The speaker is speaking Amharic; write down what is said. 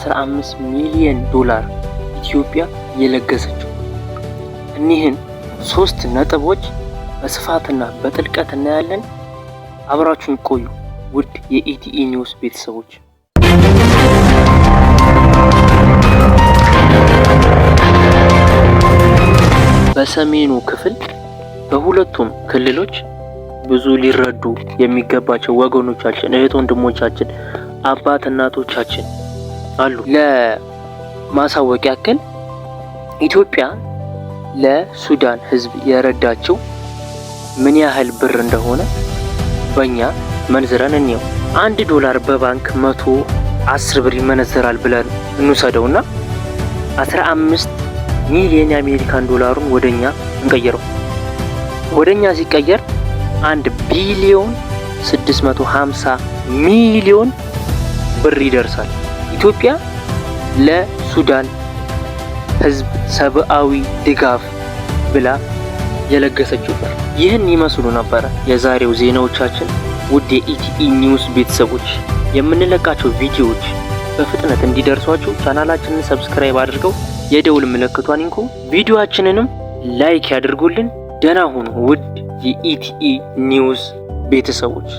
15 ሚሊዮን ዶላር ኢትዮጵያ የለገሰችው። እኒህን ሶስት ነጥቦች በስፋትና በጥልቀት እናያለን። አብራችሁን ቆዩ ውድ የኢቲኢ ኒውስ ቤተሰቦች። በሰሜኑ ክፍል በሁለቱም ክልሎች ብዙ ሊረዱ የሚገባቸው ወገኖቻችን፣ እህት ወንድሞቻችን፣ አባት እናቶቻችን አሉ። ለማሳወቅ ያክል ኢትዮጵያ ለሱዳን ህዝብ የረዳቸው ምን ያህል ብር እንደሆነ በእኛ መንዝረን እንየው። አንድ ዶላር በባንክ መቶ አስር ብር ይመነዘራል ብለን እንውሰደውና አስራ አምስት ሚሊዮን የአሜሪካን ዶላሩን ወደኛ እንቀይረው። ወደኛ ሲቀየር አንድ ቢሊዮን 650 ሚሊዮን ብር ይደርሳል። ኢትዮጵያ ለሱዳን ህዝብ ሰብአዊ ድጋፍ ብላ የለገሰችው ብር ይህን ይመስሉ ነበረ። የዛሬው ዜናዎቻችን ውድ የኢቲኢ ኒውስ ቤተሰቦች የምንለቃቸው ቪዲዮዎች በፍጥነት እንዲደርሷችሁ ቻናላችንን ሰብስክራይብ አድርገው የደውል ምልክቷን ይንኩ። ቪዲዮአችንንም ላይክ ያድርጉልን። ደህና ሁኑ ውድ የኢቲኢ ኒውስ ቤተሰቦች።